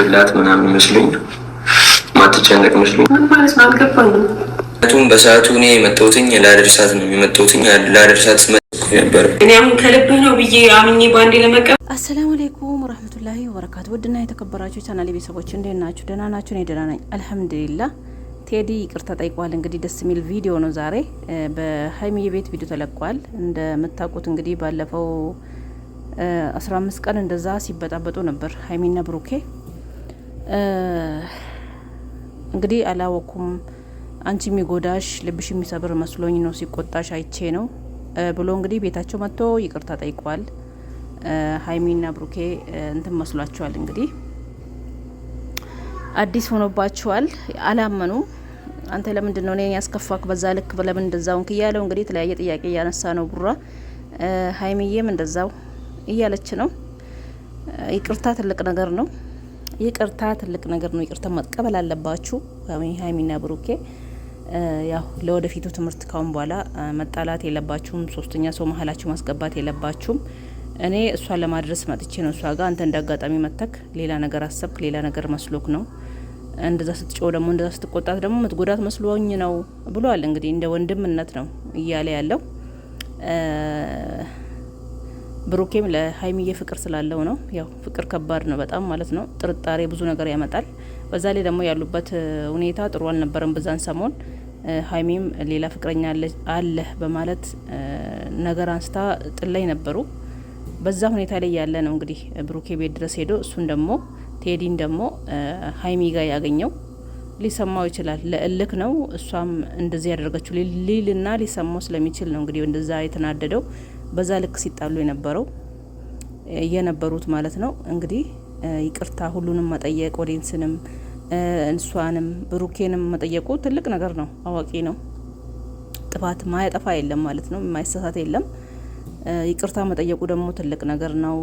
የምትጽፍላት ምናምን ይመስለኝ ማትጨነቅ መስሎኝ ቱም በሰዓቱ እኔ የመጣሁትኝ ላደርሳት ነው የመጣሁትኝ ላደርሳት ነበር እኔ አሁን ከልብህ ነው ብዬ አምኜ በአንዴ ለመቀበል አሰላሙ አለይኩም ወረህመቱላሂ ወበረካቱ። ውድና የተከበራችሁ ቻናል ቤተሰቦች እንዴት ናችሁ? ደህና ናችሁ? እኔ ደህና ነኝ አልሐምዱሊላህ። ቴዲ ይቅርታ ጠይቋል። እንግዲህ ደስ የሚል ቪዲዮ ነው ዛሬ በሀይሚዬ ቤት ቪዲዮ ተለቋል። እንደምታውቁት እንግዲህ ባለፈው አስራ አምስት ቀን እንደዛ ሲበጣበጡ ነበር ሀይሚና ብሩኬ እንግዲህ አላወኩም። አንቺ የሚጎዳሽ ልብሽ የሚሰብር መስሎኝ ነው ሲቆጣሽ አይቼ ነው ብሎ እንግዲህ ቤታቸው መጥቶ ይቅርታ ጠይቋል። ሀይሚና ብሩኬ እንትን መስሏቸዋል እንግዲህ አዲስ ሆኖባቸዋል። አላመኑ አንተ ለምንድን ነው እኔን ያስከፋክ በዛ ልክ ለምን እንደዛውን እያለው እንግዲህ የተለያየ ጥያቄ እያነሳ ነው ቡራ። ሀይሚዬም እንደዛው እያለች ነው። ይቅርታ ትልቅ ነገር ነው። ይቅርታ ትልቅ ነገር ነው። ይቅርታ መቀበል አለባችሁ ሀይሚና ብሩኬ። ያው ለወደፊቱ ትምህርት ካሁን በኋላ መጣላት የለባችሁም። ሶስተኛ ሰው መሀላችሁ ማስገባት የለባችሁም። እኔ እሷን ለማድረስ መጥቼ ነው እሷ ጋር አንተ እንደ አጋጣሚ መተክ ሌላ ነገር አሰብክ፣ ሌላ ነገር መስሎክ ነው እንደዛ ስትጮ ደግሞ እንደዛ ስትቆጣት ደግሞ ምትጎዳት መስሎኝ ነው ብሏል። እንግዲህ እንደ ወንድምነት ነው እያለ ያለው ብሩኬም ለሀይሚዬ ፍቅር ስላለው ነው። ያው ፍቅር ከባድ ነው በጣም ማለት ነው። ጥርጣሬ ብዙ ነገር ያመጣል። በዛ ላይ ደግሞ ያሉበት ሁኔታ ጥሩ አልነበረም በዛን ሰሞን። ሀይሚም ሌላ ፍቅረኛ አለ በማለት ነገር አንስታ ጥል ላይ ነበሩ። በዛ ሁኔታ ላይ ያለ ነው እንግዲህ ብሩኬ ቤት ድረስ ሄዶ እሱን ደግሞ ቴዲን ደግሞ ሀይሚ ጋር ያገኘው ሊሰማው ይችላል። ለእልክ ነው እሷም እንደዚህ ያደረገችው ሊልና ሊሰማው ስለሚችል ነው እንግዲህ እንደዛ የተናደደው በዛ ልክ ሲጣሉ የነበረው የነበሩት ማለት ነው። እንግዲህ ይቅርታ ሁሉንም መጠየቅ ኦዴንስንም እንሷንም ብሩኬንም መጠየቁ ትልቅ ነገር ነው። አዋቂ ነው። ጥፋት ማያጠፋ የለም ማለት ነው። የማይሳሳት የለም። ይቅርታ መጠየቁ ደግሞ ትልቅ ነገር ነው።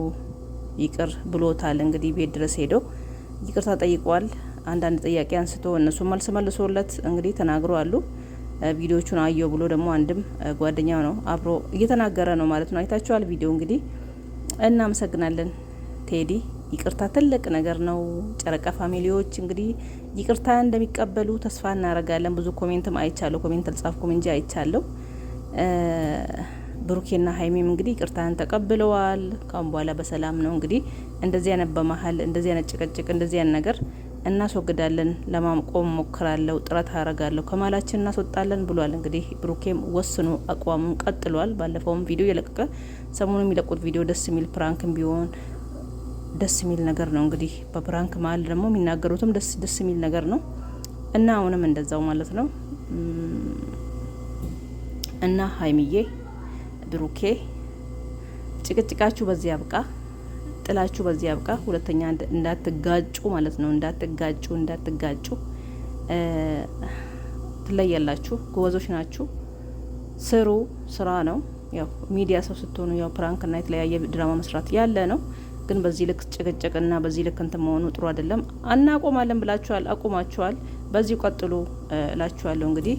ይቅር ብሎታል። እንግዲህ ቤት ድረስ ሄዶ ይቅርታ ጠይቋል። አንዳንድ ጥያቄ አንስቶ እነሱ መልስ መልሶለት እንግዲህ ተናግሮ አሉ። ቪዲዮቹን አየው ብሎ ደግሞ አንድም ጓደኛው ነው አብሮ እየተናገረ ነው ማለት ነው። አይታችኋል ቪዲዮ እንግዲህ እናመሰግናለን ቴዲ። ይቅርታ ትልቅ ነገር ነው። ጨረቃ ፋሚሊዎች እንግዲህ ይቅርታ እንደሚቀበሉ ተስፋ እናረጋለን። ብዙ ኮሜንትም አይቻለሁ። ኮሜንት አልጻፍኩም እንጂ አይቻለሁ። ብሩኬና ሀይሜም እንግዲህ ይቅርታን ተቀብለዋል። ካሁን በኋላ በሰላም ነው እንግዲህ እንደዚህ አይነት በመሀል እንደዚህ ያነ ጭቅጭቅ እንደዚህ ያነ ነገር እናስወግዳለን፣ ለማቆም ሞክራለሁ፣ ጥረት አረጋለሁ፣ ከማላችን እናስወጣለን ብሏል። እንግዲህ ብሩኬም ወስኖ አቋሙን ቀጥሏል። ባለፈውም ቪዲዮ የለቀቀ ሰሞኑ የሚለቁት ቪዲዮ ደስ የሚል ፕራንክም ቢሆን ደስ የሚል ነገር ነው። እንግዲህ በፕራንክ መሀል ደግሞ የሚናገሩትም ደስ ደስ የሚል ነገር ነው እና አሁንም እንደዛው ማለት ነው እና ሀይሚዬ ብሩኬ ጭቅጭቃችሁ በዚህ ያብቃ። ጥላችሁ በዚህ አብቃ ሁለተኛ እንዳትጋጩ ማለት ነው። እንዳትጋጩ እንዳትጋጩ ትለያላችሁ። ጎበዞች ናችሁ። ስሩ፣ ስራ ነው። ያው ሚዲያ ሰው ስትሆኑ ያው ፕራንክና የተለያየ ድራማ መስራት ያለ ነው። ግን በዚህ ልክ ጭቅጭቅና በዚህ ልክ እንትን መሆኑ ጥሩ አይደለም። አናቆማለን ብላችኋል፣ አቁማችኋል። በዚሁ ቀጥሉ እላችኋለሁ እንግዲህ